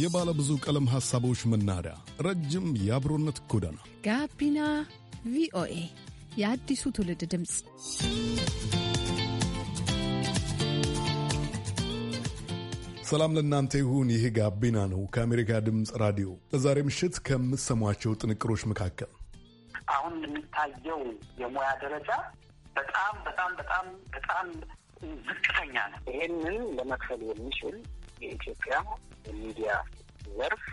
የባለ ብዙ ቀለም ሐሳቦች መናኸሪያ፣ ረጅም የአብሮነት ጎዳና ጋቢና ቪኦኤ የአዲሱ ትውልድ ድምፅ። ሰላም ለእናንተ ይሁን። ይህ ጋቢና ነው ከአሜሪካ ድምፅ ራዲዮ። ለዛሬ ምሽት ከምትሰሟቸው ጥንቅሮች መካከል አሁን የሚታየው የሙያ ደረጃ በጣም በጣም በጣም በጣም ዝቅተኛ ነው። ይህንን ለመክፈል የሚችል የኢትዮጵያ የሚዲያ ዘርፍ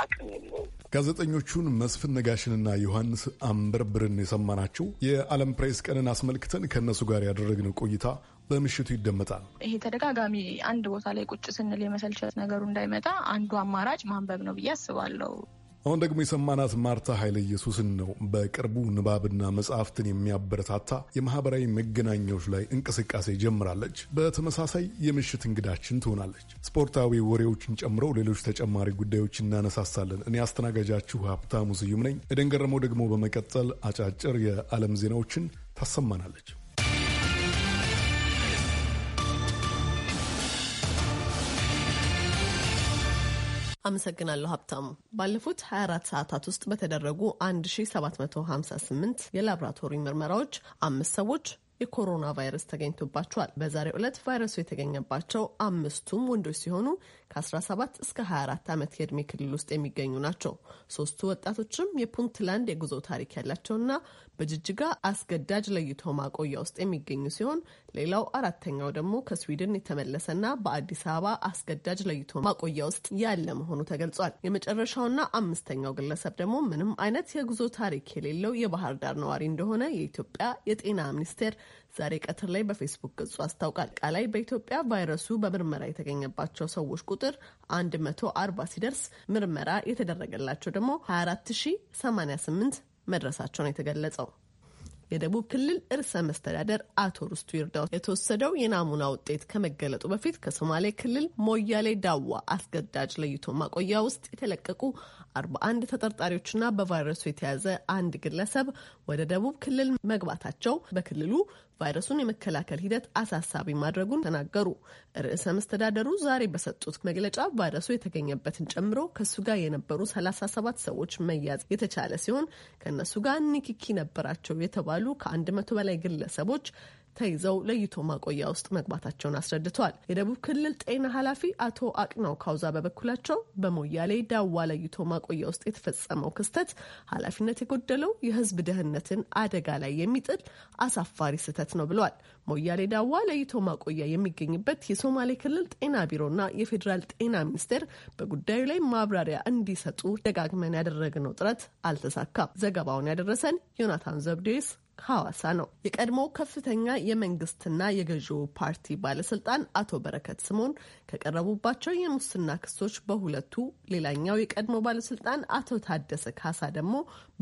አቅም የለውም። ጋዜጠኞቹን መስፍን ነጋሽንና ዮሐንስ አንበርብርን የሰማናቸው የዓለም ፕሬስ ቀንን አስመልክተን ከእነሱ ጋር ያደረግነው ቆይታ በምሽቱ ይደመጣል። ይሄ ተደጋጋሚ አንድ ቦታ ላይ ቁጭ ስንል የመሰልቸት ነገሩ እንዳይመጣ አንዱ አማራጭ ማንበብ ነው ብዬ አስባለሁ። አሁን ደግሞ የሰማናት ማርታ ኃይለ ኢየሱስን ነው። በቅርቡ ንባብና መጽሐፍትን የሚያበረታታ የማህበራዊ መገናኛዎች ላይ እንቅስቃሴ ጀምራለች። በተመሳሳይ የምሽት እንግዳችን ትሆናለች። ስፖርታዊ ወሬዎችን ጨምሮ ሌሎች ተጨማሪ ጉዳዮች እናነሳሳለን። እኔ አስተናጋጃችሁ ሀብታሙ ስዩም ነኝ። ኤደን ደግሞ በመቀጠል አጫጭር የዓለም ዜናዎችን ታሰማናለች። አመሰግናለሁ ሀብታሙ። ባለፉት 24 ሰዓታት ውስጥ በተደረጉ 1758 የላብራቶሪ ምርመራዎች አምስት ሰዎች የኮሮና ቫይረስ ተገኝቶባቸዋል። በዛሬው ዕለት ቫይረሱ የተገኘባቸው አምስቱም ወንዶች ሲሆኑ ከ17 እስከ 24 ዓመት የዕድሜ ክልል ውስጥ የሚገኙ ናቸው። ሶስቱ ወጣቶችም የፑንትላንድ የጉዞ ታሪክ ያላቸውና በጅጅጋ አስገዳጅ ለይቶ ማቆያ ውስጥ የሚገኙ ሲሆን ሌላው አራተኛው ደግሞ ከስዊድን የተመለሰና በአዲስ አበባ አስገዳጅ ለይቶ ማቆያ ውስጥ ያለ መሆኑ ተገልጿል። የመጨረሻውና አምስተኛው ግለሰብ ደግሞ ምንም አይነት የጉዞ ታሪክ የሌለው የባህር ዳር ነዋሪ እንደሆነ የኢትዮጵያ የጤና ሚኒስቴር ዛሬ ቀትር ላይ በፌስቡክ ገጹ አስታውቃል። ቃላይ በኢትዮጵያ ቫይረሱ በምርመራ የተገኘባቸው ሰዎች ቁጥር 140 ሲደርስ ምርመራ የተደረገላቸው ደግሞ 24088 መድረሳቸው ነው የተገለጸው። የደቡብ ክልል እርሰ መስተዳደር አቶ ሩስቱ ይርዳው የተወሰደው የናሙና ውጤት ከመገለጡ በፊት ከሶማሌ ክልል ሞያሌ ዳዋ አስገዳጅ ለይቶ ማቆያ ውስጥ የተለቀቁ 41 ተጠርጣሪዎችና በቫይረሱ የተያዘ አንድ ግለሰብ ወደ ደቡብ ክልል መግባታቸው በክልሉ ቫይረሱን የመከላከል ሂደት አሳሳቢ ማድረጉን ተናገሩ። ርዕሰ መስተዳደሩ ዛሬ በሰጡት መግለጫ ቫይረሱ የተገኘበትን ጨምሮ ከሱ ጋር የነበሩ 37 ሰዎች መያዝ የተቻለ ሲሆን ከእነሱ ጋር ንክኪ ነበራቸው የተባሉ ከአንድ መቶ በላይ ግለሰቦች ተይዘው ለይቶ ማቆያ ውስጥ መግባታቸውን አስረድተዋል። የደቡብ ክልል ጤና ኃላፊ አቶ አቅናው ካውዛ በበኩላቸው በሞያሌ ዳዋ ለይቶ ማቆያ ውስጥ የተፈጸመው ክስተት ኃላፊነት የጎደለው የሕዝብ ደህንነትን አደጋ ላይ የሚጥል አሳፋሪ ስህተት ነው ብለዋል። ሞያሌ ዳዋ ለይቶ ማቆያ የሚገኝበት የሶማሌ ክልል ጤና ቢሮና የፌዴራል ጤና ሚኒስቴር በጉዳዩ ላይ ማብራሪያ እንዲሰጡ ደጋግመን ያደረግነው ጥረት አልተሳካም። ዘገባውን ያደረሰን ዮናታን ዘብዴስ ሐዋሳ ነው። የቀድሞው ከፍተኛ የመንግስትና የገዢው ፓርቲ ባለስልጣን አቶ በረከት ስምኦን ከቀረቡባቸው የሙስና ክሶች በሁለቱ፣ ሌላኛው የቀድሞ ባለስልጣን አቶ ታደሰ ካሳ ደግሞ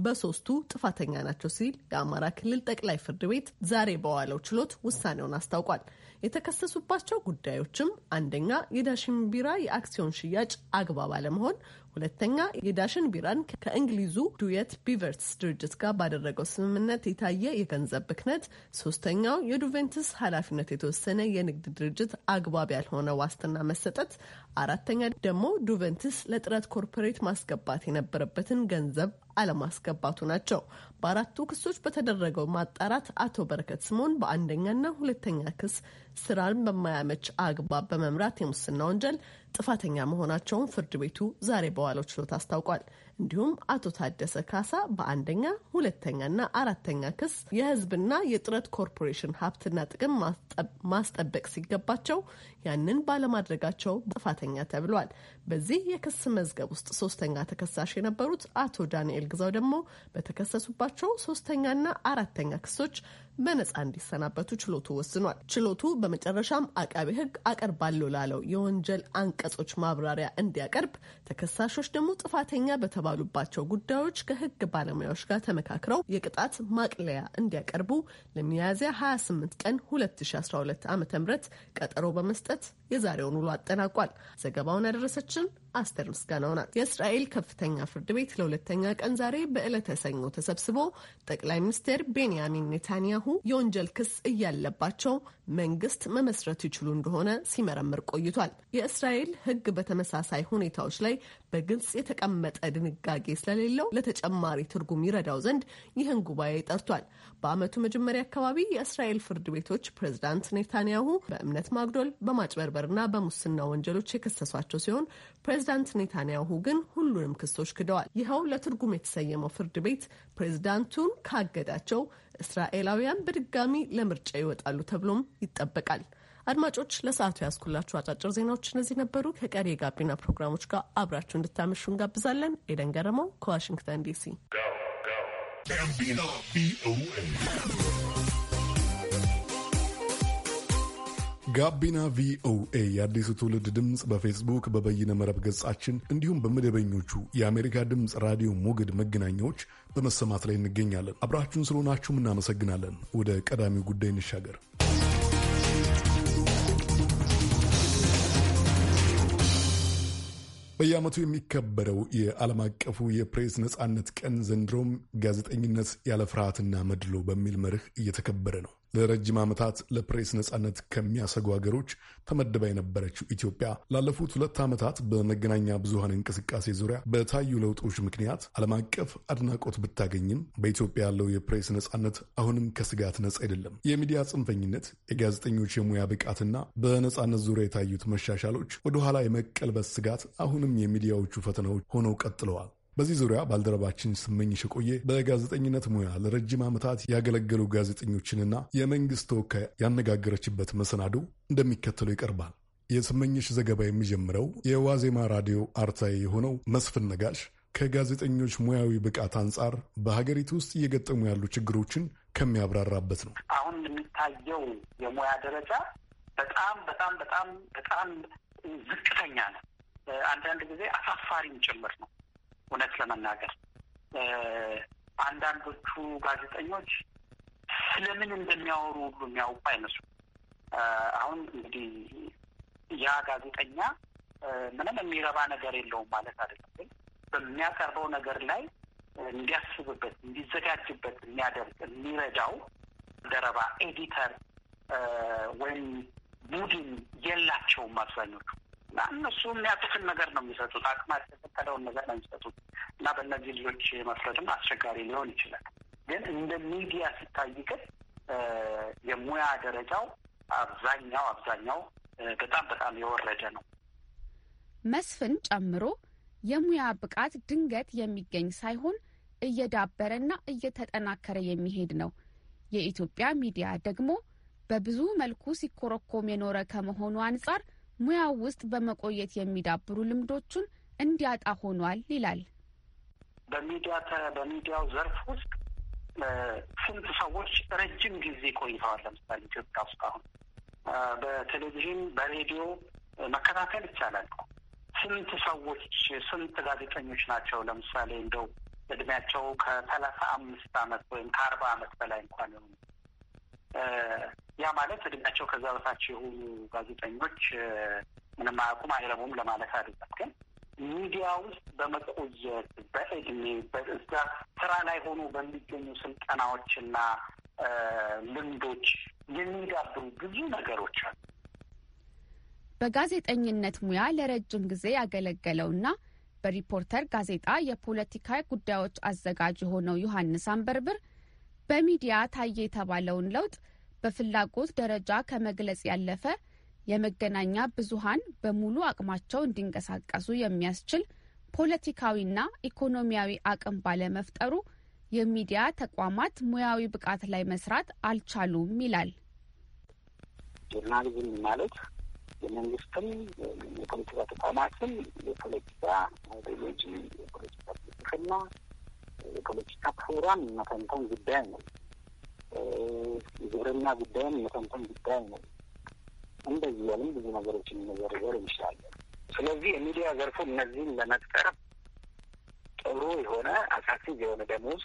በሶስቱ ጥፋተኛ ናቸው ሲል የአማራ ክልል ጠቅላይ ፍርድ ቤት ዛሬ በዋለው ችሎት ውሳኔውን አስታውቋል። የተከሰሱባቸው ጉዳዮችም አንደኛ የዳሽን ቢራ የአክሲዮን ሽያጭ አግባብ አለመሆን፣ ሁለተኛ የዳሽን ቢራን ከእንግሊዙ ዱየት ቢቨርትስ ድርጅት ጋር ባደረገው ስምምነት የታየ የገንዘብ ብክነት፣ ሶስተኛው የዱቬንትስ ኃላፊነት የተወሰነ የንግድ ድርጅት አግባብ ያልሆነ ዋስትና መሰጠት፣ አራተኛ ደግሞ ዱቬንትስ ለጥረት ኮርፖሬት ማስገባት የነበረበትን ገንዘብ አለማስገባቱ ናቸው። በአራቱ ክሶች በተደረገው ማጣራት አቶ በረከት ስምኦን በአንደኛና ሁለተኛ ክስ ስራን በማያመች አግባብ በመምራት የሙስና ወንጀል ጥፋተኛ መሆናቸውን ፍርድ ቤቱ ዛሬ በዋለው ችሎት አስታውቋል። እንዲሁም አቶ ታደሰ ካሳ በአንደኛ ሁለተኛና አራተኛ ክስ የህዝብና የጥረት ኮርፖሬሽን ሀብትና ጥቅም ማስጠበቅ ሲገባቸው ያንን ባለማድረጋቸው ጥፋተኛ ተብሏል። በዚህ የክስ መዝገብ ውስጥ ሶስተኛ ተከሳሽ የነበሩት አቶ ዳንኤል ግዛው ደግሞ በተከሰሱባቸው ሶስተኛና አራተኛ ክሶች በነጻ እንዲሰናበቱ ችሎቱ ወስኗል። ችሎቱ በመጨረሻም አቃቤ ህግ አቀርባለሁ ላለው የወንጀል አንቀጾች ማብራሪያ እንዲያቀርብ ተከሳሾች ደግሞ ጥፋተኛ በተ በተባሉባቸው ጉዳዮች ከህግ ባለሙያዎች ጋር ተመካክረው የቅጣት ማቅለያ እንዲያቀርቡ ለሚያዝያ 28 ቀን 2012 ዓ ም ቀጠሮ በመስጠት የዛሬውን ውሎ አጠናቋል። ዘገባውን ያደረሰችን አስቴር ምስጋናው ናት። የእስራኤል ከፍተኛ ፍርድ ቤት ለሁለተኛ ቀን ዛሬ በዕለተ ሰኞ ተሰብስቦ ጠቅላይ ሚኒስትር ቤንያሚን ኔታንያሁ የወንጀል ክስ እያለባቸው መንግስት መመስረት ይችሉ እንደሆነ ሲመረምር ቆይቷል። የእስራኤል ሕግ በተመሳሳይ ሁኔታዎች ላይ በግልጽ የተቀመጠ ድንጋጌ ስለሌለው ለተጨማሪ ትርጉም ይረዳው ዘንድ ይህን ጉባኤ ጠርቷል። በዓመቱ መጀመሪያ አካባቢ የእስራኤል ፍርድ ቤቶች ፕሬዝዳንት ኔታንያሁ በእምነት ማጉደል፣ በማጭበርበርና በሙስና ወንጀሎች የከሰሷቸው ሲሆን ፕሬዚዳንት ኔታንያሁ ግን ሁሉንም ክሶች ክደዋል። ይኸው ለትርጉም የተሰየመው ፍርድ ቤት ፕሬዚዳንቱን ካገዳቸው እስራኤላውያን በድጋሚ ለምርጫ ይወጣሉ ተብሎም ይጠበቃል። አድማጮች ለሰዓቱ ያስኩላችሁ አጫጭር ዜናዎች እነዚህ ነበሩ። ከቀሪ የጋቢና ፕሮግራሞች ጋር አብራችሁ እንድታመሹ እንጋብዛለን። ኤደን ገረመው ከዋሽንግተን ዲሲ ጋቢና ቪኦኤ የአዲሱ ትውልድ ድምፅ በፌስቡክ በበይነ መረብ ገጻችን እንዲሁም በመደበኞቹ የአሜሪካ ድምፅ ራዲዮ ሞገድ መገናኛዎች በመሰማት ላይ እንገኛለን። አብራችሁን ስለሆናችሁም እናመሰግናለን። ወደ ቀዳሚው ጉዳይ እንሻገር። በየዓመቱ የሚከበረው የዓለም አቀፉ የፕሬስ ነፃነት ቀን ዘንድሮም ጋዜጠኝነት ያለ ፍርሃትና መድሎ በሚል መርህ እየተከበረ ነው። ለረጅም ዓመታት ለፕሬስ ነጻነት ከሚያሰጉ ሀገሮች ተመድባ የነበረችው ኢትዮጵያ ላለፉት ሁለት ዓመታት በመገናኛ ብዙሃን እንቅስቃሴ ዙሪያ በታዩ ለውጦች ምክንያት ዓለም አቀፍ አድናቆት ብታገኝም በኢትዮጵያ ያለው የፕሬስ ነጻነት አሁንም ከስጋት ነጻ አይደለም። የሚዲያ ጽንፈኝነት፣ የጋዜጠኞች የሙያ ብቃትና በነጻነት ዙሪያ የታዩት መሻሻሎች ወደኋላ የመቀልበስ ስጋት አሁንም የሚዲያዎቹ ፈተናዎች ሆነው ቀጥለዋል። በዚህ ዙሪያ ባልደረባችን ስመኝሽ ቆየ በጋዜጠኝነት ሙያ ለረጅም ዓመታት ያገለገሉ ጋዜጠኞችንና የመንግስት ተወካይ ያነጋገረችበት መሰናዶ እንደሚከተለው ይቀርባል። የስመኝሽ ዘገባ የሚጀምረው የዋዜማ ራዲዮ አርታይ የሆነው መስፍን ነጋሽ ከጋዜጠኞች ሙያዊ ብቃት አንጻር በሀገሪቱ ውስጥ እየገጠሙ ያሉ ችግሮችን ከሚያብራራበት ነው። አሁን የሚታየው የሙያ ደረጃ በጣም በጣም በጣም በጣም ዝቅተኛ ነው። አንዳንድ ጊዜ አሳፋሪም ጭምር ነው። እውነት ለመናገር አንዳንዶቹ ጋዜጠኞች ስለምን እንደሚያወሩ ሁሉ የሚያውቁ አይመስሉ። አሁን እንግዲህ ያ ጋዜጠኛ ምንም የሚረባ ነገር የለውም ማለት አይደለም፣ ግን በሚያቀርበው ነገር ላይ እንዲያስብበት፣ እንዲዘጋጅበት የሚያደርግ የሚረዳው ደረባ ኤዲተር ወይም ቡድን የላቸውም አብዛኞቹ እና እነሱ የሚያጡትን ነገር ነው የሚሰጡት አቅማቸው የተፈቀደውን ነገር ነው እና በእነዚህ ልጆች መፍረድም አስቸጋሪ ሊሆን ይችላል። ግን እንደ ሚዲያ ሲታይ ግን የሙያ ደረጃው አብዛኛው አብዛኛው በጣም በጣም የወረደ ነው። መስፍን ጨምሮ የሙያ ብቃት ድንገት የሚገኝ ሳይሆን እየዳበረና እየተጠናከረ የሚሄድ ነው። የኢትዮጵያ ሚዲያ ደግሞ በብዙ መልኩ ሲኮረኮም የኖረ ከመሆኑ አንጻር ሙያው ውስጥ በመቆየት የሚዳብሩ ልምዶቹን እንዲያጣ ሆኗል ይላል። በሚዲያ በሚዲያው ዘርፍ ውስጥ ስንት ሰዎች ረጅም ጊዜ ቆይተዋል። ለምሳሌ ኢትዮጵያ ውስጥ አሁን በቴሌቪዥን በሬዲዮ መከታተል ይቻላል። ስንት ሰዎች ስንት ጋዜጠኞች ናቸው ለምሳሌ እንደው እድሜያቸው ከሰላሳ አምስት አመት ወይም ከአርባ አመት በላይ እንኳን የሆኑ ያ ማለት እድሜያቸው ከዛ በታች የሆኑ ጋዜጠኞች ምንም አያውቁም አይረቡም ለማለት አይደለም። ግን ሚዲያ ውስጥ በመቆየት በእድሜ በዛ ስራ ላይ ሆኖ በሚገኙ ስልጠናዎችና ልምዶች የሚዳብሩ ብዙ ነገሮች አሉ። በጋዜጠኝነት ሙያ ለረጅም ጊዜ ያገለገለውና በሪፖርተር ጋዜጣ የፖለቲካ ጉዳዮች አዘጋጅ የሆነው ዮሐንስ አንበርብር በሚዲያ ታየ የተባለውን ለውጥ በፍላጎት ደረጃ ከመግለጽ ያለፈ የመገናኛ ብዙሃን በሙሉ አቅማቸው እንዲንቀሳቀሱ የሚያስችል ፖለቲካዊና ኢኮኖሚያዊ አቅም ባለመፍጠሩ የሚዲያ ተቋማት ሙያዊ ብቃት ላይ መስራት አልቻሉም ይላል። ጆርናሊዝም ማለት የመንግስትም የፖለቲካ ተቋማትም የፖለቲካ ሎጂ የፖለቲካ ፍልስፍና የፖለቲካ ፕሮግራም መተንተን ጉዳይ ነው። የግብርና ጉዳይም መተንተን ጉዳይ ነው። እንደዚህ ብዙ ነገሮችን መዘርዘር እንችላለን። ስለዚህ የሚዲያ ዘርፉ እነዚህን ለመቅጠር ጥሩ የሆነ አትራክቲቭ የሆነ ደሞዝ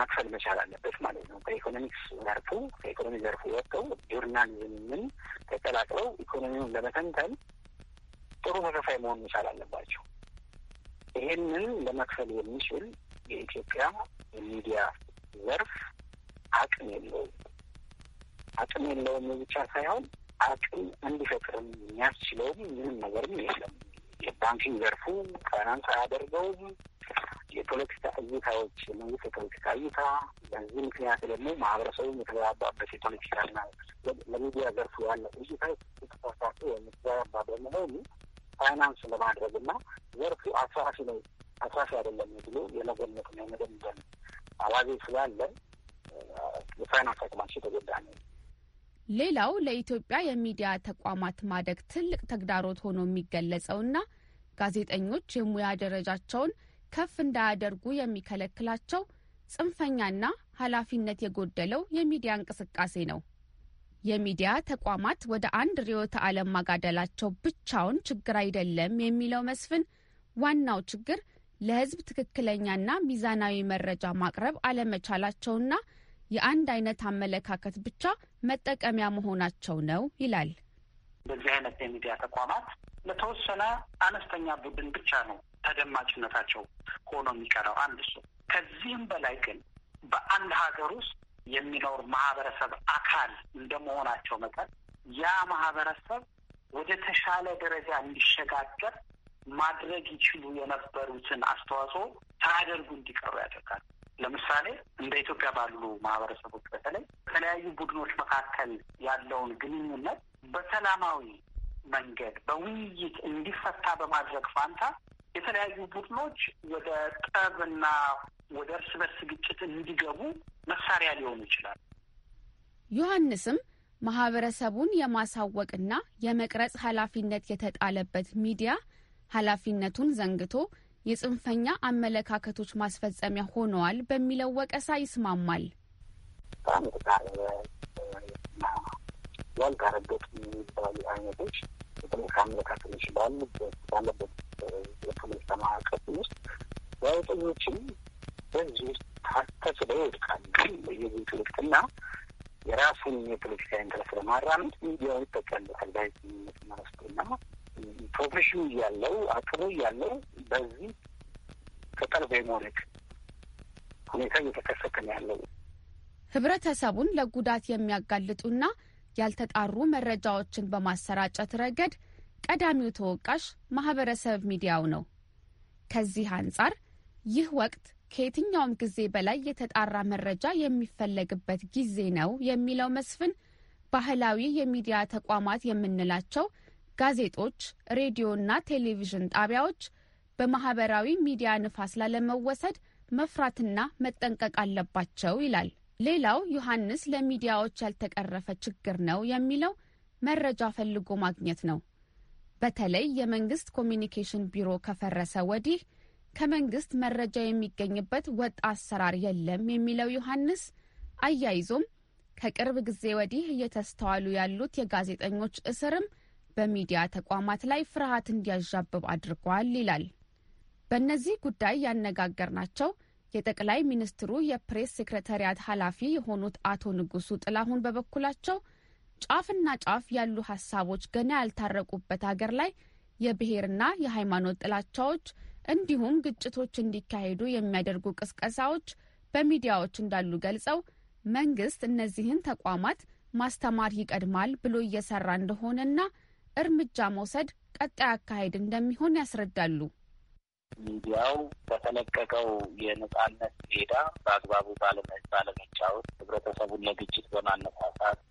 መክፈል መቻል አለበት ማለት ነው። ከኢኮኖሚክስ ዘርፉ ከኢኮኖሚ ዘርፉ ወጥተው ጆርናሊዝምን ተቀላቅለው ኢኮኖሚውን ለመተንተን ጥሩ ተከፋይ መሆን መቻል አለባቸው። ይሄንን ለመክፈል የሚችል የኢትዮጵያ የሚዲያ ዘርፍ አቅም የለውም። አቅም የለውም ብቻ ሳይሆን አቅም እንዲፈጥርም የሚያስችለውም ምንም ነገርም የለም። የባንኪንግ ዘርፉ ፋይናንስ አያደርገውም። የፖለቲካ እይታዎች፣ የመንግስት የፖለቲካ እይታ። በዚህ ምክንያት ደግሞ ማህበረሰቡ የተገባባበት የፖለቲካና ለሚዲያ ዘርፉ ያለ እይታ የተሳሳተ የተገባባ በመሆኑ ፋይናንስ ለማድረግና ዘርፉ አትራፊ ነው አትራፊ አይደለም ብሎ ነው የመደምደም አባዜ ስላለ የፋይናንስ አቅማቸው የተጎዳ ነው። ሌላው ለኢትዮጵያ የሚዲያ ተቋማት ማደግ ትልቅ ተግዳሮት ሆኖ የሚገለጸውና ጋዜጠኞች የሙያ ደረጃቸውን ከፍ እንዳያደርጉ የሚከለክላቸው ጽንፈኛና ኃላፊነት የጎደለው የሚዲያ እንቅስቃሴ ነው። የሚዲያ ተቋማት ወደ አንድ ርዕዮተ ዓለም ማጋደላቸው ብቻውን ችግር አይደለም የሚለው መስፍን፣ ዋናው ችግር ለሕዝብ ትክክለኛና ሚዛናዊ መረጃ ማቅረብ አለመቻላቸውና የአንድ አይነት አመለካከት ብቻ መጠቀሚያ መሆናቸው ነው ይላል። እንደዚህ አይነት የሚዲያ ተቋማት ለተወሰነ አነስተኛ ቡድን ብቻ ነው ተደማጭነታቸው ሆኖ የሚቀረው አንድ እሱ። ከዚህም በላይ ግን በአንድ ሀገር ውስጥ የሚኖር ማህበረሰብ አካል እንደመሆናቸው መጠን ያ ማህበረሰብ ወደ ተሻለ ደረጃ እንዲሸጋገር ማድረግ ይችሉ የነበሩትን አስተዋጽኦ ሳያደርጉ እንዲቀሩ ያደርጋል። ለምሳሌ እንደ ኢትዮጵያ ባሉ ማህበረሰቦች በተለይ በተለያዩ ቡድኖች መካከል ያለውን ግንኙነት በሰላማዊ መንገድ በውይይት እንዲፈታ በማድረግ ፋንታ የተለያዩ ቡድኖች ወደ ጠብና ወደ እርስ በርስ ግጭት እንዲገቡ መሳሪያ ሊሆኑ ይችላል። ዮሐንስም ማህበረሰቡን የማሳወቅና የመቅረጽ ኃላፊነት የተጣለበት ሚዲያ ኃላፊነቱን ዘንግቶ የጽንፈኛ አመለካከቶች ማስፈጸሚያ ሆነዋል በሚለው ወቀሳ ይስማማል። ያልተረገጡ የሚባሉ አይነቶች የፖለቲካ አመለካከቶች ባሉበት ባለበት የፖለቲካ ማዕቀፍ ውስጥ ጋዜጠኞችም በዚህ ውስጥ ተስበው ይወድቃሉ። በየቤቱ ይወድቅና የራሱን የፖለቲካ ኢንትረስ ለማራመድ ሚዲያውን ይጠቀምበታል። ጋዜጠኝነት መረስቶና ፕሮፌሽኑ እያለው አቅሙ እያለው በዚህ ከጠርበ የመውደቅ ሁኔታ እየተከሰተ ነው ያለው። ህብረተሰቡን ለጉዳት የሚያጋልጡና ያልተጣሩ መረጃዎችን በማሰራጨት ረገድ ቀዳሚው ተወቃሽ ማህበረሰብ ሚዲያው ነው። ከዚህ አንጻር ይህ ወቅት ከየትኛውም ጊዜ በላይ የተጣራ መረጃ የሚፈለግበት ጊዜ ነው የሚለው መስፍን ባህላዊ የሚዲያ ተቋማት የምንላቸው ጋዜጦች፣ ሬዲዮና ቴሌቪዥን ጣቢያዎች በማህበራዊ ሚዲያ ንፋስ ላለመወሰድ መፍራትና መጠንቀቅ አለባቸው ይላል። ሌላው ዮሐንስ ለሚዲያዎች ያልተቀረፈ ችግር ነው የሚለው መረጃ ፈልጎ ማግኘት ነው። በተለይ የመንግስት ኮሚኒኬሽን ቢሮ ከፈረሰ ወዲህ ከመንግስት መረጃ የሚገኝበት ወጥ አሰራር የለም የሚለው ዮሐንስ አያይዞም ከቅርብ ጊዜ ወዲህ እየተስተዋሉ ያሉት የጋዜጠኞች እስርም በሚዲያ ተቋማት ላይ ፍርሃት እንዲያዣብብ አድርጓል ይላል። በእነዚህ ጉዳይ ያነጋገርናቸው የጠቅላይ ሚኒስትሩ የፕሬስ ሴክረታሪያት ኃላፊ የሆኑት አቶ ንጉሱ ጥላሁን በበኩላቸው ጫፍና ጫፍ ያሉ ሀሳቦች ገና ያልታረቁበት አገር ላይ የብሔርና የሃይማኖት ጥላቻዎች እንዲሁም ግጭቶች እንዲካሄዱ የሚያደርጉ ቅስቀሳዎች በሚዲያዎች እንዳሉ ገልጸው መንግስት እነዚህን ተቋማት ማስተማር ይቀድማል ብሎ እየሰራ እንደሆነና እርምጃ መውሰድ ቀጣይ አካሄድ እንደሚሆን ያስረዳሉ። ሚዲያው በተለቀቀው የነጻነት ሜዳ በአግባቡ ባለመጫወት ህብረተሰቡን ለግጭት በማነሳሳት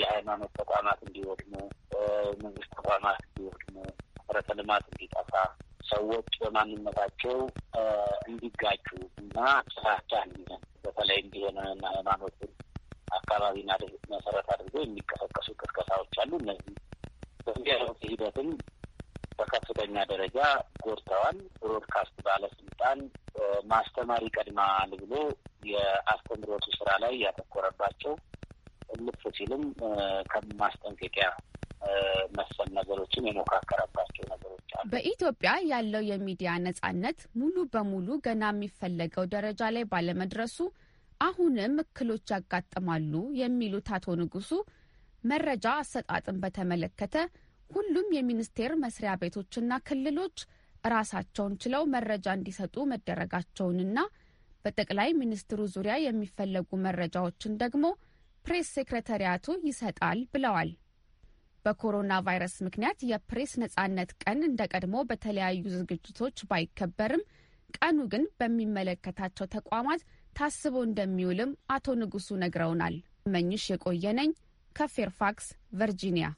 የሃይማኖት ተቋማት እንዲወድሙ፣ መንግስት ተቋማት እንዲወድሙ፣ መሰረተ ልማት እንዲጠፋ፣ ሰዎች በማንነታቸው እንዲጋጩ እና ስራቻ እንዲሆን በተለይ እንዲሆነና ሃይማኖትን አካባቢን መሰረት አድርጎ የሚቀሰቀሱ ቅስቀሳዎች አሉ። እነዚህ በእንዲያለውት ሂደትም በከፍተኛ ደረጃ ጎድተዋል። ብሮድካስት ባለስልጣን ማስተማሪ ይቀድማል ብሎ የአስተምሮቱ ስራ ላይ ያተኮረባቸው ልፍ ሲልም ከማስጠንቀቂያ መሰል ነገሮችን የሞካከረባቸው ነገሮች አሉ። በኢትዮጵያ ያለው የሚዲያ ነጻነት ሙሉ በሙሉ ገና የሚፈለገው ደረጃ ላይ ባለመድረሱ አሁንም እክሎች ያጋጥማሉ የሚሉት አቶ ንጉሱ መረጃ አሰጣጥን በተመለከተ ሁሉም የሚኒስቴር መስሪያ ቤቶችና ክልሎች ራሳቸውን ችለው መረጃ እንዲሰጡ መደረጋቸውንና በጠቅላይ ሚኒስትሩ ዙሪያ የሚፈለጉ መረጃዎችን ደግሞ ፕሬስ ሴክሬታሪያቱ ይሰጣል ብለዋል። በኮሮና ቫይረስ ምክንያት የፕሬስ ነጻነት ቀን እንደ ቀድሞ በተለያዩ ዝግጅቶች ባይከበርም ቀኑ ግን በሚመለከታቸው ተቋማት ታስቦ እንደሚውልም አቶ ንጉሱ ነግረውናል። መኝሽ የቆየነኝ ከፌርፋክስ ቨርጂኒያ።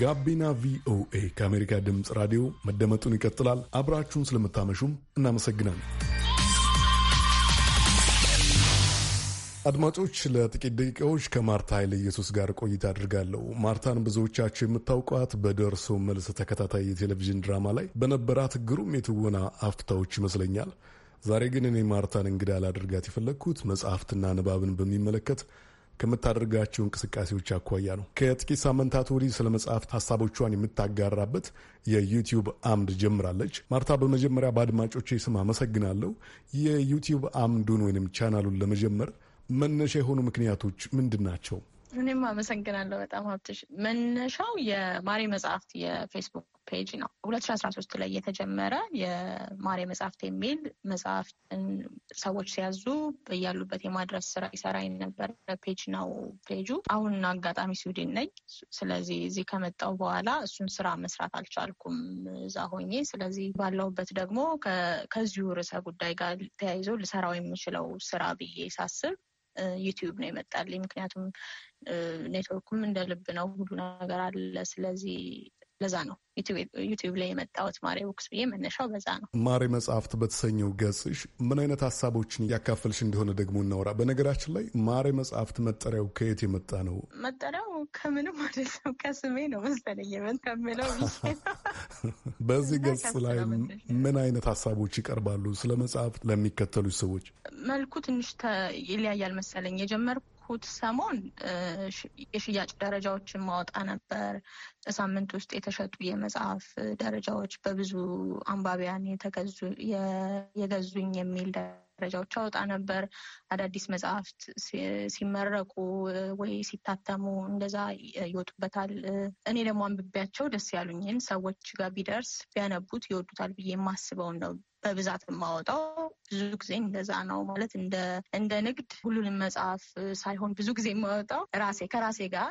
ጋቢና ቪኦኤ ከአሜሪካ ድምፅ ራዲዮ መደመጡን ይቀጥላል። አብራችሁን ስለምታመሹም እናመሰግናለን። አድማጮች ለጥቂት ደቂቃዎች ከማርታ ኃይለ ኢየሱስ ጋር ቆይታ አድርጋለሁ። ማርታን ብዙዎቻቸው የምታውቋት በደርሶ መልስ ተከታታይ የቴሌቪዥን ድራማ ላይ በነበራት ግሩም የትወና አፍታዎች ይመስለኛል። ዛሬ ግን እኔ ማርታን እንግዳ ላድርጋት የፈለግኩት መጽሐፍትና ንባብን በሚመለከት ከምታደርጋቸው እንቅስቃሴዎች አኳያ ነው። ከጥቂት ሳምንታት ወዲህ ስለ መጽሐፍት ሀሳቦቿን የምታጋራበት የዩቲዩብ አምድ ጀምራለች። ማርታ፣ በመጀመሪያ በአድማጮች ስም አመሰግናለሁ። የዩቲዩብ አምዱን ወይንም ቻናሉን ለመጀመር መነሻ የሆኑ ምክንያቶች ምንድን ናቸው? እኔም አመሰግናለሁ በጣም ሀብትሽ። መነሻው የማሬ መጽሐፍት የፌስቡክ ፔጅ ነው። ሁለት ሺ አስራ ሶስት ላይ የተጀመረ የማሬ መጽሐፍት የሚል መጽሐፍ ሰዎች ሲያዙ በያሉበት የማድረስ ስራ ይሰራ የነበረ ፔጅ ነው ፔጁ። አሁን አጋጣሚ ስዊድን ነኝ። ስለዚህ እዚህ ከመጣው በኋላ እሱን ስራ መስራት አልቻልኩም እዛ ሆኜ። ስለዚህ ባለሁበት ደግሞ ከዚሁ ርዕሰ ጉዳይ ጋር ተያይዞ ልሰራው የምችለው ስራ ብዬ ሳስብ ዩቲዩብ ነው የመጣልኝ። ምክንያቱም ኔትወርኩም እንደ ልብ ነው፣ ሁሉ ነገር አለ። ስለዚህ ለዛ ነው ዩቲዩብ ላይ የመጣሁት ማሬ ቡክስ ብዬ መነሻው በዛ ነው። ማሬ መጽሐፍት በተሰኘው ገጽሽ ምን አይነት ሀሳቦችን እያካፈልሽ እንደሆነ ደግሞ እናወራ። በነገራችን ላይ ማሬ መጽሐፍት መጠሪያው ከየት የመጣ ነው? መጠሪያው ከምንም አይደለም ከስሜ ነው መሰለኝ የምለው። በዚህ ገጽ ላይ ምን አይነት ሀሳቦች ይቀርባሉ? ስለ መጽሐፍት ለሚከተሉች ሰዎች መልኩ ትንሽ ይለያያል መሰለኝ የጀመርኩ ባደረግኩት ሰሞን የሽያጭ ደረጃዎችን ማወጣ ነበር። ሳምንት ውስጥ የተሸጡ የመጽሐፍ ደረጃዎች በብዙ አንባቢያን የገዙኝ የሚል ደረጃዎች አወጣ ነበር። አዳዲስ መጽሐፍት ሲመረቁ ወይ ሲታተሙ እንደዛ ይወጡበታል። እኔ ደግሞ አንብቤያቸው ደስ ያሉኝን ሰዎች ጋር ቢደርስ ቢያነቡት ይወዱታል ብዬ የማስበውን ነው በብዛት የማወጣው ብዙ ጊዜ እንደዛ ነው ማለት እንደ እንደ ንግድ ሁሉንም መጽሐፍ ሳይሆን ብዙ ጊዜ የማወጣው ራሴ ከራሴ ጋር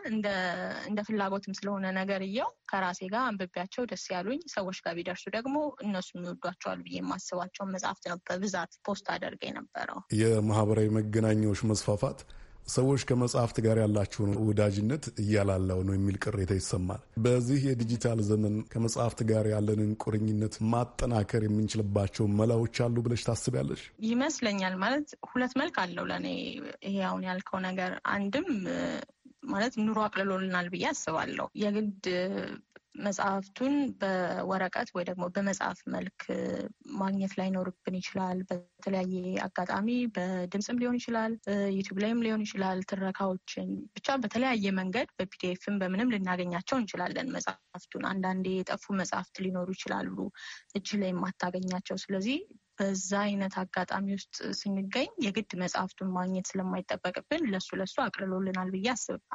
እንደ ፍላጎትም ስለሆነ ነገር እየው ከራሴ ጋር አንብቤያቸው ደስ ያሉኝ ሰዎች ጋር ቢደርሱ ደግሞ እነሱ የሚወዷቸዋል ብዬ የማስባቸውን መጽሐፍት ነው በብዛት ፖስት አደርገ የነበረው። የማህበራዊ መገናኛዎች መስፋፋት ሰዎች ከመጽሐፍት ጋር ያላቸውን ወዳጅነት እያላላው ነው የሚል ቅሬታ ይሰማል። በዚህ የዲጂታል ዘመን ከመጽሐፍት ጋር ያለንን ቁርኝነት ማጠናከር የምንችልባቸው መላዎች አሉ ብለሽ ታስቢያለሽ? ይመስለኛል። ማለት ሁለት መልክ አለው ለእኔ ይሄ አሁን ያልከው ነገር አንድም ማለት ኑሮ አቅልሎልናል ብዬ አስባለሁ። የግድ መጽሐፍቱን በወረቀት ወይ ደግሞ በመጽሐፍ መልክ ማግኘት ላይኖርብን ይችላል። በተለያየ አጋጣሚ በድምፅም ሊሆን ይችላል፣ ዩቱብ ላይም ሊሆን ይችላል። ትረካዎችን ብቻ በተለያየ መንገድ በፒዲኤፍም በምንም ልናገኛቸው እንችላለን። መጽሐፍቱን አንዳንዴ የጠፉ መጽሐፍት ሊኖሩ ይችላሉ እጅ ላይ የማታገኛቸው። ስለዚህ በዛ አይነት አጋጣሚ ውስጥ ስንገኝ የግድ መጽሐፍቱን ማግኘት ስለማይጠበቅብን ለሱ ለሱ አቅልሎልናል ብዬ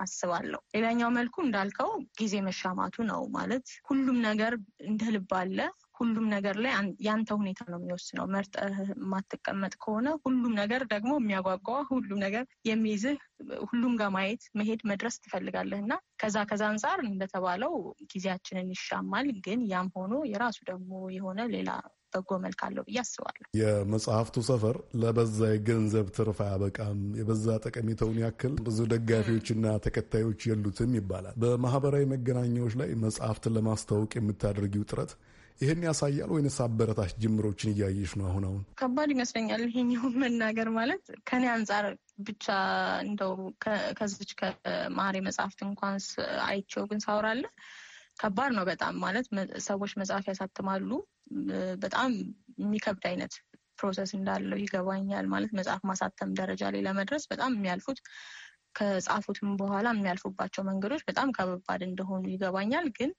አስባለሁ። ሌላኛው መልኩ እንዳልከው ጊዜ መሻማቱ ነው። ማለት ሁሉም ነገር እንደ ልብ አለ። ሁሉም ነገር ላይ ያንተ ሁኔታ ነው የሚወስነው። መርጠህ የማትቀመጥ ከሆነ ሁሉም ነገር ደግሞ የሚያጓጓ ሁሉም ነገር የሚይዝህ ሁሉም ጋር ማየት፣ መሄድ፣ መድረስ ትፈልጋለህ እና ከዛ ከዛ አንጻር እንደተባለው ጊዜያችንን ይሻማል። ግን ያም ሆኖ የራሱ ደግሞ የሆነ ሌላ በጎ መልክ አለው ብዬ አስባለሁ። የመጽሐፍቱ ሰፈር ለበዛ የገንዘብ ትርፍ አያበቃም፣ የበዛ ጠቀሜታውን ያክል ብዙ ደጋፊዎችና ተከታዮች የሉትም ይባላል። በማህበራዊ መገናኛዎች ላይ መጽሐፍትን ለማስተዋወቅ የምታደርጊው ጥረት ይህን ያሳያል ወይንስ አበረታች ጅምሮችን እያየሽ ነው? አሁን አሁን ከባድ ይመስለኛል ይሄኛውን መናገር ማለት ከኔ አንጻር ብቻ እንደው ከዚች ከማሬ መጽሐፍት እንኳን አይቼው ግን ሳውራለ ከባድ ነው በጣም ማለት ሰዎች መጽሐፍ ያሳትማሉ በጣም የሚከብድ አይነት ፕሮሰስ እንዳለው ይገባኛል። ማለት መጽሐፍ ማሳተም ደረጃ ላይ ለመድረስ በጣም የሚያልፉት ከጻፉትም በኋላ የሚያልፉባቸው መንገዶች በጣም ከበባድ እንደሆኑ ይገባኛል። ግን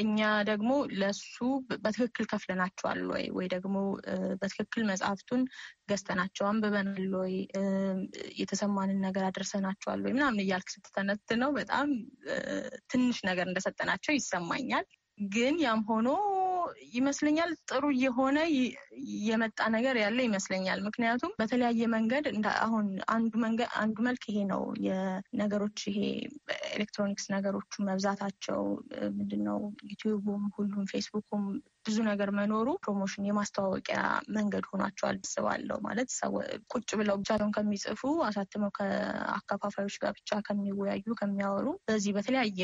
እኛ ደግሞ ለሱ በትክክል ከፍለናቸዋል ወይ ወይ ደግሞ በትክክል መጽሐፍቱን ገዝተናቸው አንብበናል ወይ የተሰማንን ነገር አድርሰናቸዋል ወይ ምናምን እያልክ ስትተነትነው በጣም ትንሽ ነገር እንደሰጠናቸው ይሰማኛል። ግን ያም ሆኖ ይመስለኛል ጥሩ እየሆነ የመጣ ነገር ያለ ይመስለኛል። ምክንያቱም በተለያየ መንገድ እንደ አሁን አንዱ መንገድ አንዱ መልክ ይሄ ነው የነገሮች ይሄ ኤሌክትሮኒክስ ነገሮቹ መብዛታቸው ምንድነው ዩቲዩቡም ሁሉም ፌስቡኩም ብዙ ነገር መኖሩ ፕሮሞሽን የማስተዋወቂያ መንገድ ሆኗቸዋል አስባለሁ። ማለት ቁጭ ብለው ብቻቸውን ከሚጽፉ አሳትመው ከአከፋፋዮች ጋር ብቻ ከሚወያዩ ከሚያወሩ፣ በዚህ በተለያየ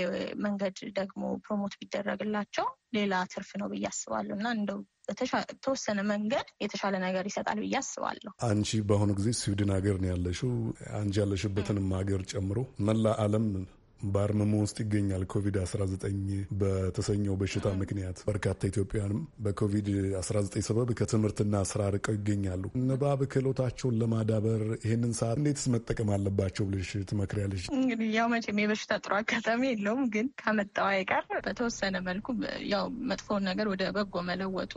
መንገድ ደግሞ ፕሮሞት ቢደረግላቸው ሌላ ትርፍ ነው ብዬ አስባለሁ እና እንደው በተወሰነ መንገድ የተሻለ ነገር ይሰጣል ብዬ አስባለሁ። አንቺ በአሁኑ ጊዜ ስዊድን ሀገር ነው ያለሽው። አንቺ ያለሽበትንም ሀገር ጨምሮ መላ ዓለም በአርመሞ ውስጥ ይገኛል። ኮቪድ-19 በተሰኘው በሽታ ምክንያት በርካታ ኢትዮጵያውያንም በኮቪድ-19 ሰበብ ከትምህርትና ስራ ርቀው ይገኛሉ። ንባብ ክህሎታቸውን ለማዳበር ይህንን ሰዓት እንዴትስ መጠቀም አለባቸው ብለሽ ትመክሪያለሽ? እንግዲህ ያው መቼም የበሽታ ጥሩ አጋጣሚ የለውም፣ ግን ከመጣው አይቀር በተወሰነ መልኩ ያው መጥፎውን ነገር ወደ በጎ መለወጡ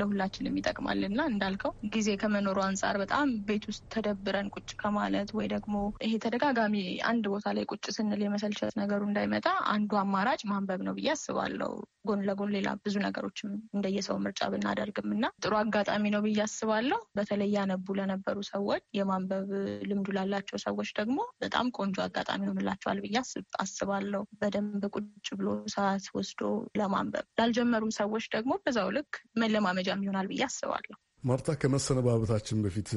ለሁላችንም ይጠቅማል እና እንዳልከው ጊዜ ከመኖሩ አንጻር በጣም ቤት ውስጥ ተደብረን ቁጭ ከማለት ወይ ደግሞ ይሄ ተደጋጋሚ አንድ ቦታ ላይ ቁጭ ስንል የመሰልቸ ስህተት ነገሩ እንዳይመጣ አንዱ አማራጭ ማንበብ ነው ብዬ አስባለሁ። ጎን ለጎን ሌላ ብዙ ነገሮችም እንደየሰው ምርጫ ብናደርግም እና ጥሩ አጋጣሚ ነው ብዬ አስባለሁ። በተለይ ያነቡ ለነበሩ ሰዎች፣ የማንበብ ልምዱ ላላቸው ሰዎች ደግሞ በጣም ቆንጆ አጋጣሚ ሆንላቸዋል ብዬ አስባለሁ። በደንብ ቁጭ ብሎ ሰዓት ወስዶ ለማንበብ ላልጀመሩም ሰዎች ደግሞ በዛው ልክ መለማመጃም ይሆናል ብዬ አስባለሁ። ማርታ፣ ከመሰነባበታችን በፊት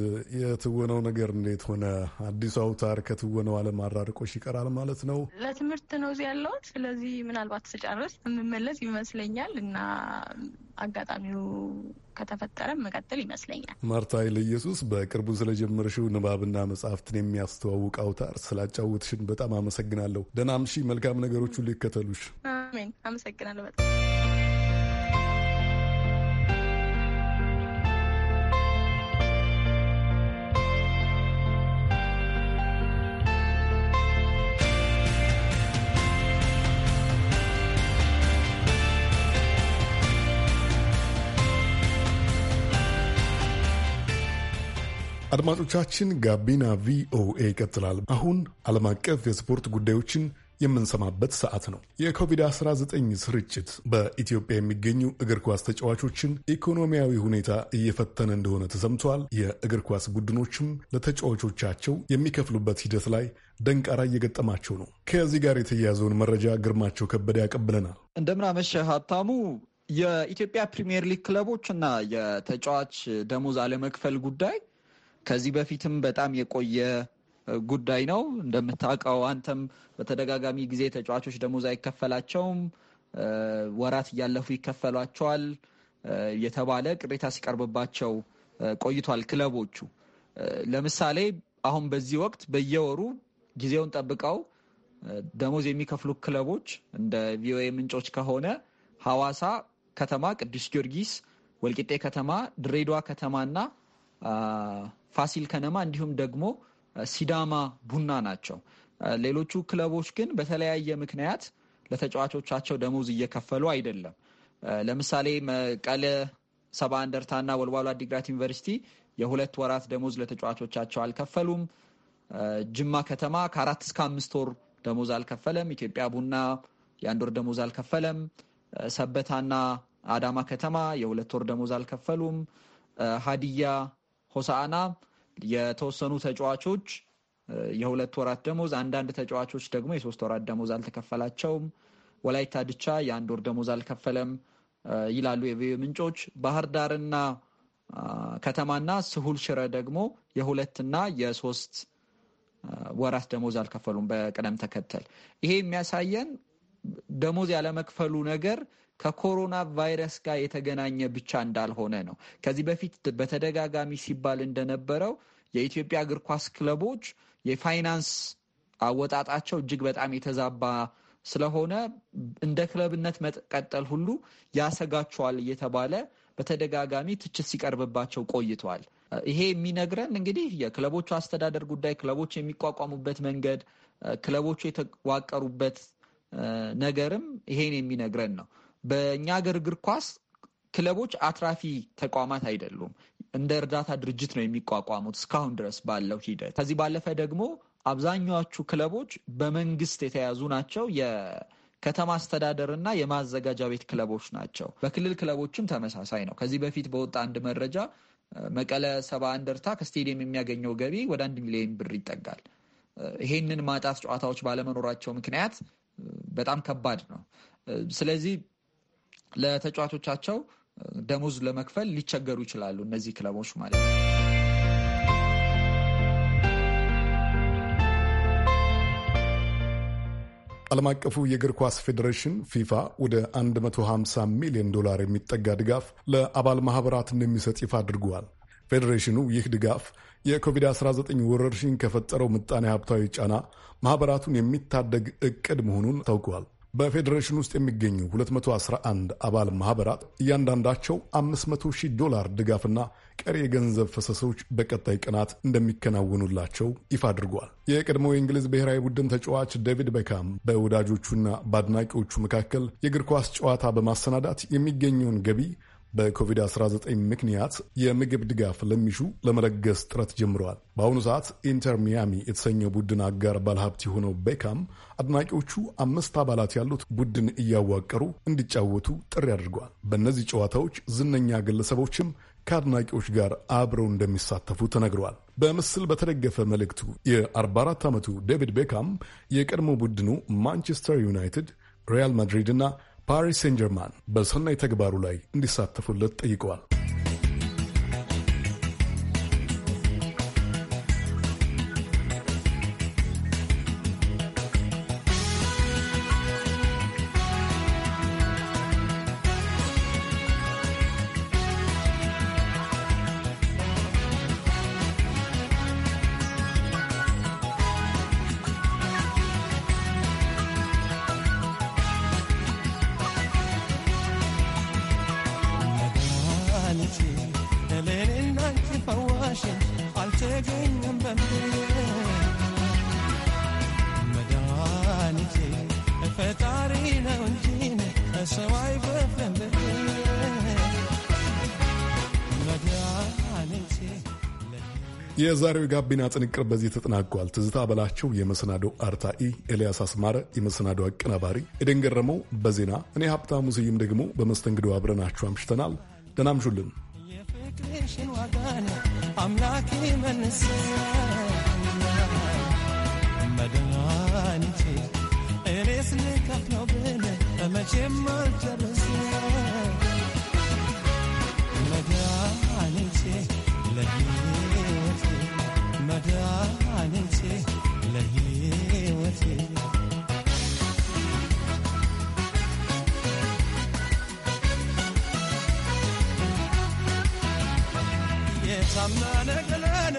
የትወነው ነገር እንዴት ሆነ? አዲሱ አውታር ከትወነው ዓለም አራርቆሽ ይቀራል ማለት ነው? ለትምህርት ነው እዚህ ያለሁት። ስለዚህ ምናልባት ስጨርስ የምመለስ ይመስለኛል እና አጋጣሚው ከተፈጠረ መቀጠል ይመስለኛል። ማርታ ለኢየሱስ በቅርቡ ስለጀመርሽው ንባብና መጽሐፍትን የሚያስተዋውቅ አውታር ስላጫወትሽን በጣም አመሰግናለሁ። ደህና መልካም ነገሮች ሁሉ ይከተሉሽ። አሜን። አመሰግናለሁ በጣም አድማጮቻችን፣ ጋቢና ቪኦኤ ይቀጥላል። አሁን ዓለም አቀፍ የስፖርት ጉዳዮችን የምንሰማበት ሰዓት ነው። የኮቪድ-19 ስርጭት በኢትዮጵያ የሚገኙ እግር ኳስ ተጫዋቾችን ኢኮኖሚያዊ ሁኔታ እየፈተነ እንደሆነ ተሰምተዋል። የእግር ኳስ ቡድኖችም ለተጫዋቾቻቸው የሚከፍሉበት ሂደት ላይ ደንቃራ እየገጠማቸው ነው። ከዚህ ጋር የተያያዘውን መረጃ ግርማቸው ከበደ ያቀብለናል። እንደምናመሸ ሀብታሙ። የኢትዮጵያ ፕሪምየር ሊግ ክለቦች እና የተጫዋች ደሞዝ አለመክፈል ጉዳይ ከዚህ በፊትም በጣም የቆየ ጉዳይ ነው። እንደምታውቀው አንተም በተደጋጋሚ ጊዜ ተጫዋቾች ደሞዝ አይከፈላቸውም፣ ወራት እያለፉ ይከፈሏቸዋል የተባለ ቅሬታ ሲቀርብባቸው ቆይቷል። ክለቦቹ ለምሳሌ አሁን በዚህ ወቅት በየወሩ ጊዜውን ጠብቀው ደሞዝ የሚከፍሉ ክለቦች እንደ ቪኦኤ ምንጮች ከሆነ ሐዋሳ ከተማ፣ ቅዱስ ጊዮርጊስ፣ ወልቂጤ ከተማ፣ ድሬዳዋ ከተማና ፋሲል ከነማ እንዲሁም ደግሞ ሲዳማ ቡና ናቸው። ሌሎቹ ክለቦች ግን በተለያየ ምክንያት ለተጫዋቾቻቸው ደሞዝ እየከፈሉ አይደለም። ለምሳሌ መቀለ ሰባ እንደርታና ወልዋሎ አዲግራት ዩኒቨርሲቲ የሁለት ወራት ደሞዝ ለተጫዋቾቻቸው አልከፈሉም። ጅማ ከተማ ከአራት እስከ አምስት ወር ደሞዝ አልከፈለም። ኢትዮጵያ ቡና የአንድ ወር ደሞዝ አልከፈለም። ሰበታና አዳማ ከተማ የሁለት ወር ደሞዝ አልከፈሉም። ሀዲያ ሆሳአና የተወሰኑ ተጫዋቾች የሁለት ወራት ደሞዝ፣ አንዳንድ ተጫዋቾች ደግሞ የሶስት ወራት ደሞዝ አልተከፈላቸውም። ወላይታ ድቻ የአንድ ወር ደሞዝ አልከፈለም ይላሉ የቪኦኤ ምንጮች። ባህር ዳርና ከተማና ስሁል ሽረ ደግሞ የሁለትና የሶስት ወራት ደሞዝ አልከፈሉም በቅደም ተከተል። ይሄ የሚያሳየን ደሞዝ ያለመክፈሉ ነገር ከኮሮና ቫይረስ ጋር የተገናኘ ብቻ እንዳልሆነ ነው። ከዚህ በፊት በተደጋጋሚ ሲባል እንደነበረው የኢትዮጵያ እግር ኳስ ክለቦች የፋይናንስ አወጣጣቸው እጅግ በጣም የተዛባ ስለሆነ እንደ ክለብነት መቀጠል ሁሉ ያሰጋቸዋል እየተባለ በተደጋጋሚ ትችት ሲቀርብባቸው ቆይቷል ይሄ የሚነግረን እንግዲህ የክለቦቹ አስተዳደር ጉዳይ፣ ክለቦች የሚቋቋሙበት መንገድ፣ ክለቦቹ የተዋቀሩበት ነገርም ይሄን የሚነግረን ነው። በእኛ ሀገር እግር ኳስ ክለቦች አትራፊ ተቋማት አይደሉም። እንደ እርዳታ ድርጅት ነው የሚቋቋሙት እስካሁን ድረስ ባለው ሂደት። ከዚህ ባለፈ ደግሞ አብዛኛዎቹ ክለቦች በመንግስት የተያዙ ናቸው። የከተማ አስተዳደር እና የማዘጋጃ ቤት ክለቦች ናቸው። በክልል ክለቦችም ተመሳሳይ ነው። ከዚህ በፊት በወጣ አንድ መረጃ መቀለ ሰባ እንደርታ ከስቴዲየም የሚያገኘው ገቢ ወደ አንድ ሚሊዮን ብር ይጠጋል። ይሄንን ማጣት ጨዋታዎች ባለመኖራቸው ምክንያት በጣም ከባድ ነው። ስለዚህ ለተጫዋቾቻቸው ደሞዝ ለመክፈል ሊቸገሩ ይችላሉ እነዚህ ክለቦች ማለት ነው። ዓለም አቀፉ የእግር ኳስ ፌዴሬሽን ፊፋ ወደ 150 ሚሊዮን ዶላር የሚጠጋ ድጋፍ ለአባል ማኅበራት እንደሚሰጥ ይፋ አድርጓል። ፌዴሬሽኑ ይህ ድጋፍ የኮቪድ-19 ወረርሽኝ ከፈጠረው ምጣኔ ሀብታዊ ጫና ማኅበራቱን የሚታደግ ዕቅድ መሆኑን ታውቋል። በፌዴሬሽን ውስጥ የሚገኙ 211 አባል ማህበራት እያንዳንዳቸው 500 ዶላር ድጋፍና ቀሪ የገንዘብ ፈሰሶች በቀጣይ ቀናት እንደሚከናወኑላቸው ይፋ አድርጓል። የቀድሞው የእንግሊዝ ብሔራዊ ቡድን ተጫዋች ዴቪድ ቤካም በወዳጆቹና በአድናቂዎቹ መካከል የእግር ኳስ ጨዋታ በማሰናዳት የሚገኘውን ገቢ በኮቪድ-19 ምክንያት የምግብ ድጋፍ ለሚሹ ለመለገስ ጥረት ጀምረዋል። በአሁኑ ሰዓት ኢንተር ሚያሚ የተሰኘው ቡድን አጋር ባለሀብት የሆነው ቤካም አድናቂዎቹ አምስት አባላት ያሉት ቡድን እያዋቀሩ እንዲጫወቱ ጥሪ አድርገዋል። በእነዚህ ጨዋታዎች ዝነኛ ግለሰቦችም ከአድናቂዎች ጋር አብረው እንደሚሳተፉ ተነግረዋል። በምስል በተደገፈ መልእክቱ የ44 ዓመቱ ዴቪድ ቤካም የቀድሞ ቡድኑ ማንቸስተር ዩናይትድ፣ ሪያል ማድሪድ እና ፓሪስ ሴንጀርማን በሰናይ ተግባሩ ላይ እንዲሳተፉለት ጠይቀዋል። የዛሬው የጋቢና ጥንቅር በዚህ ተጠናቋል። ትዝታ በላቸው የመሰናዶ አርታኢ፣ ኤልያስ አስማረ የመሰናዶ አቀናባሪ፣ ኤደን ገረመው በዜና እኔ ሀብታሙ ስዩም ደግሞ በመስተንግዶ አብረናችሁ አምሽተናል። ደህና አምሹልን። የፍቅርሽን ዋጋ አምላኬ መልሰ መድኃኒቴ ብን መቼም አልጨረስም መድኃኒቴ ለሕይወቴ የታመነ ገለነ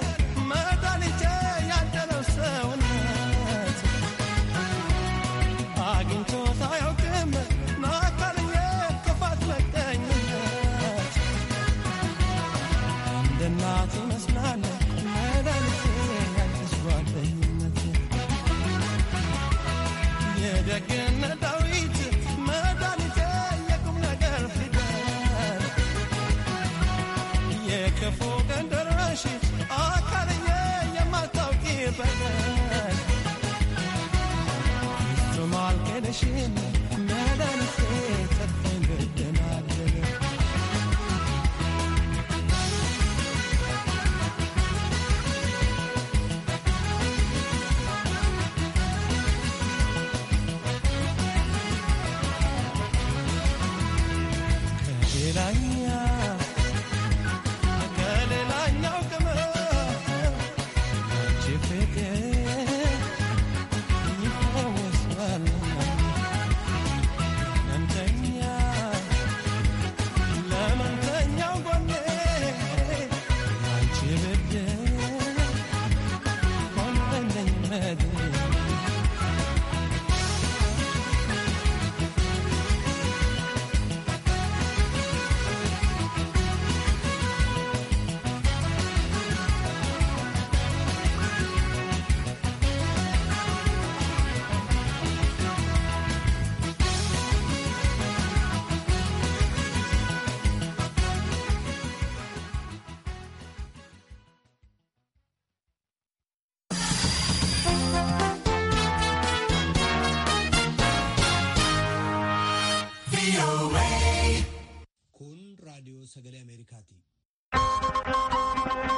是你。